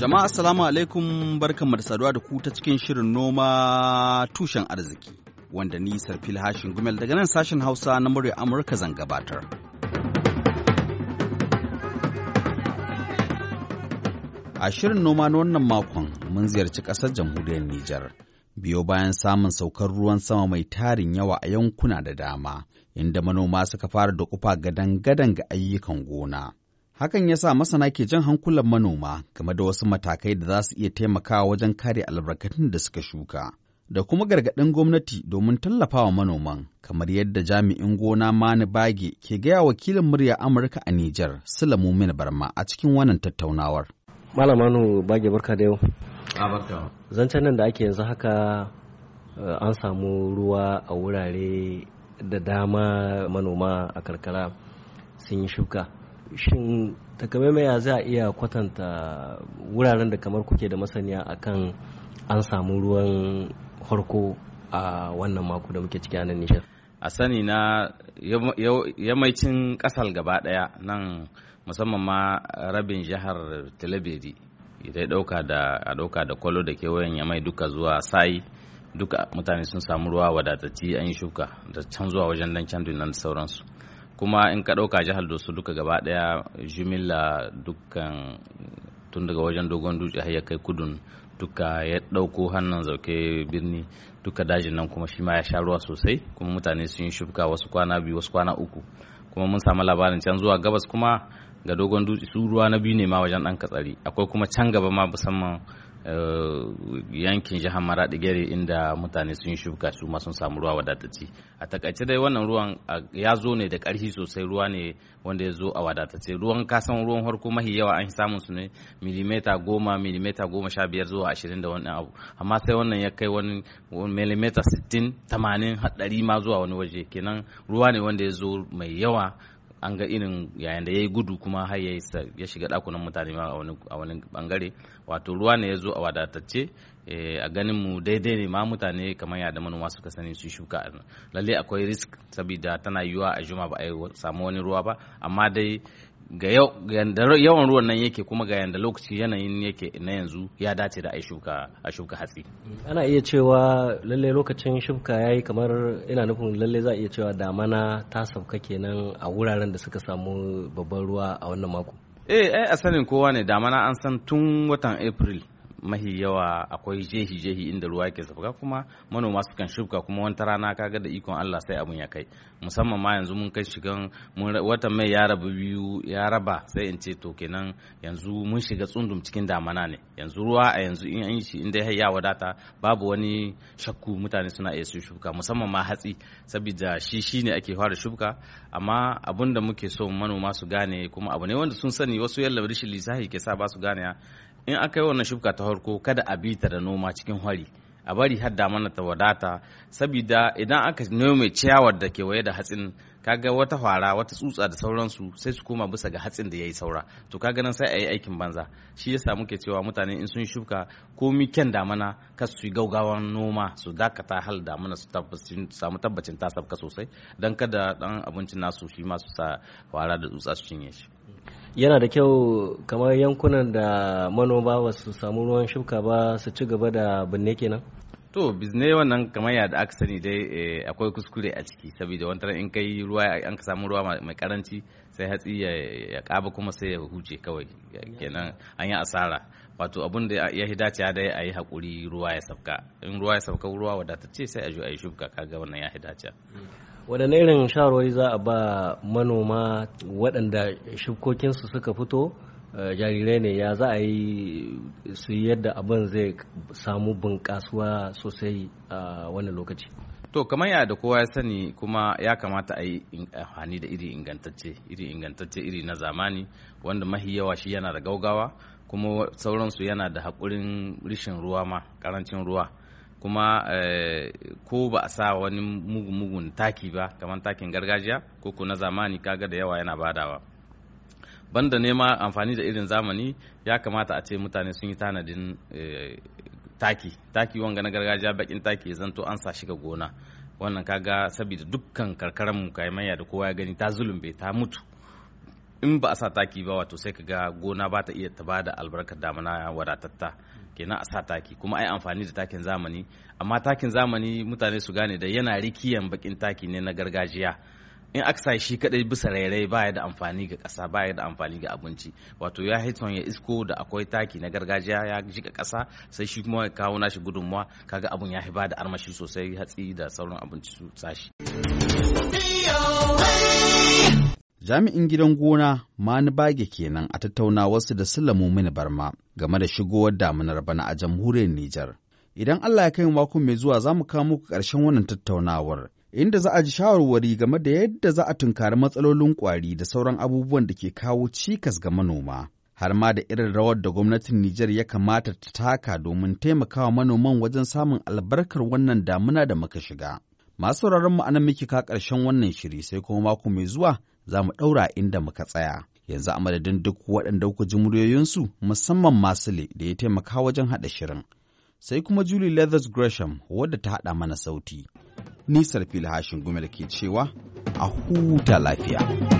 Jama'a assalamu alaikum barkanmu da saduwa da ku ta cikin shirin noma tushen arziki wanda ni Sarfil Hashin Gumel daga nan sashen Hausa na murya Amurka zan gabatar. A shirin noma na wannan makon mun ziyarci ƙasar jamhuriyar Nijar. Biyo bayan samun saukar ruwan sama mai tarin yawa a yankuna da dama, inda manoma suka fara da kufa gadan-gadan ga ayyukan gona. Hakan ya sa masana ke jan hankulan manoma game da wasu matakai da za su iya taimakawa wajen kare albarkatun da suka shuka, da kuma gargaɗin gwamnati domin tallafawa manoman, kamar yadda jami'in gona Mani Bage ke gaya wakilin murya Amurka a Nijar, Sulamu Min Barma a cikin wannan tattaunawar. Malamanu Bage barka da yau. Ah, Zancen nan da ake yanzu haka eh, an samu ruwa a wurare da dama manoma a karkara sun yi shuka. shin takamaimaya za a iya kwatanta wuraren da kamar kuke da masaniya akan an samu ruwan harko a wannan mako da muke ciki a nan nishar a sani na yamaicin kasar gaba daya nan musamman ma rabin jihar talabedi idan dauka da a dauka da kwalo da kewayen mai duka zuwa sai duka mutane sun samu ruwa wadatacci an yi shuka da can zuwa wajen dan can nan sauransu kuma in ka ɗauka jihar dosu duka gaba ɗaya jimilla dukkan tun daga wajen dogon dutse har ya kai kudun duka ya ɗauko hannun zauke birni duka dajin nan kuma shi ma ya sha ruwa sosai kuma mutane sun yi shubka wasu kwana biyu wasu kwana uku kuma mun samu labarin can zuwa gabas kuma ga dogon dutse su ruwa na biyu ne ma wajen ɗan katsari akwai kuma can gaba ma musamman Eh, yankin jihar maradi gari inda mutane sun shuka su sun samu ruwa wadatacce a takaice dai wannan ruwan ya zo ne da karfi sosai ruwa ne wanda ya zo a wadatacce ruwan kasan ruwan harko mahi yawa an samun su ne milimeta goma milimeta goma sha biyar zuwa ashirin da wani abu amma sai wannan ya kai wani milimeta sittin tamanin haɗari ma zuwa wani waje kenan ruwa ne wanda ya zo mai yawa an ga irin yayin da ya yi gudu kuma har ya shiga dakunan mutane a wani bangare wato ruwa ne ya zo a wadatacce eh, a ganin mu daidai ne ma mutane kamar yadda manoma suka sani su shuka a lalle akwai risk saboda tana yiwuwa a juma ba a samu wani ruwa ba amma dai ga yawan ruwan nan yake kuma ga yanda lokaci yanayin yake na yanzu ya dace da a shuka shuka hatsi ana iya cewa lalle lokacin shuka yi kamar ina nufin lalle za a iya cewa damana ta sauka kenan a wuraren da suka samu babban ruwa a wannan mako eh a sanin kowa ne damana an san tun watan april mahi yawa akwai jehi jehi inda ruwa yake zafaka kuma manoma kan shuka kuma wata rana kaga da ikon Allah sai abun ya kai musamman ma yanzu mun kai shigan watan mai ya raba biyu ya raba sai in ce to kenan yanzu mun shiga tsundum cikin damana ne yanzu ruwa a yanzu in an shi inda ya wadata babu wani shakku mutane suna iya su shuka musamman ma hatsi saboda shi shine ake fara shuka amma abun da muke so manoma su gane kuma abu ne wanda sun sani wasu yalla rashin lissafi ke sa ba su gane in aka yi wannan shuka ta farko kada a bi ta da noma cikin hwari a bari har mana ta wadata sabida idan aka nome ciyawar da kewaye da hatsin kaga wata fara wata tsutsa da sauransu sai su koma bisa ga hatsin da ya yi saura to kaga nan sai a yi aikin banza shi yasa muke cewa mutane in sun shuka komi kyan damana kas su yi gaugawan noma su dakata hal damana su samu tabbacin tasabka sosai don kada dan abincin nasu shi ma su sa fara da tsutsa su cinye shi yana da kyau kamar yankunan da manoma ba su samu ruwan shuka ba su ci gaba da binne kenan to bizne wannan kamar ya da aka sani dai eh, akwai kuskure a ciki saboda wani in kai ruwa an ka samu ruwa mai karanci sai hatsi ya kaba kuma sai ya huce kawai kenan an yi asara wato abin da ya hidace dai a yi haƙuri ruwa ya sabka in ruwa ya sabka ruwa wadatacce sai a zo a yi shuka kaga wannan ya hidace waɗanne irin shawarwari za a ba manoma waɗanda shukokinsu suka fito eh, jarirai ne ya za a yi su yadda abin zai samu bunƙasuwa sosai a wannan lokaci to kamar ya da kowa ya sani kuma ya kamata a yi amfani da iri ingantacce iri ingantacce iri na zamani wanda mahi yawa shi yana da gaugawa kuma sauransu yana da haƙurin rishin ruwa ma ƙarancin ruwa kuma eh, ko ba a sa wani mugun taki ba kamar takin gargajiya ko ko na zamani kaga da yawa yana badawa banda nema amfani da irin zamani ya kamata a ce mutane sun yi tanadin eh, taki taki wanga na gargajiya bakin taki zanto an sa shi ga gona wannan kaga saboda dukkan karkaran mu kaimanya da kowa ya gani ta zulumbe ta mutu in ba a sa taki ba wato sai ka ga gona ba ta iya ta ba da albarkar damana wadatatta kenan a sa taki kuma ai amfani da takin zamani amma takin zamani mutane su gane da yana rikiyan bakin taki ne na gargajiya in aka sa shi kadai bisa rairai baya da amfani ga kasa baya da amfani ga abinci wato ya hiton ya isko da akwai taki na gargajiya ya jika kasa sai shi kuma ya kawo nashi gudunmuwa kaga abun ya ba da armashi sosai hatsi da sauran abinci su tsashi. Jami'in gidan gona Mani Bage kenan a tattauna wasu da Sulamu Mini Barma game da shigowar damunar bana a jamhuriyar Nijar. Idan Allah ya kai mako mai zuwa za mu kawo muku ƙarshen wannan tattaunawar, inda za a ji shawarwari game da yadda za a tunkari matsalolin kwari da sauran abubuwan da ke kawo cikas ga manoma. har ma da irin rawar da gwamnatin Nijar ya kamata ta taka domin taimakawa manoman wajen samun albarkar wannan damuna da muka shiga. Masu sauraron mu anan muke ka ƙarshen wannan shiri sai kuma mako mai zuwa za mu ɗaura inda muka tsaya. Yanzu a madadin duk waɗanda kuka ji muryoyinsu musamman Masule da ya taimaka wajen haɗa shirin. Sai kuma Julie Leathers Gresham wadda ta haɗa mana sauti. Nisar fili hashin gumel ke cewa a huta lafiya.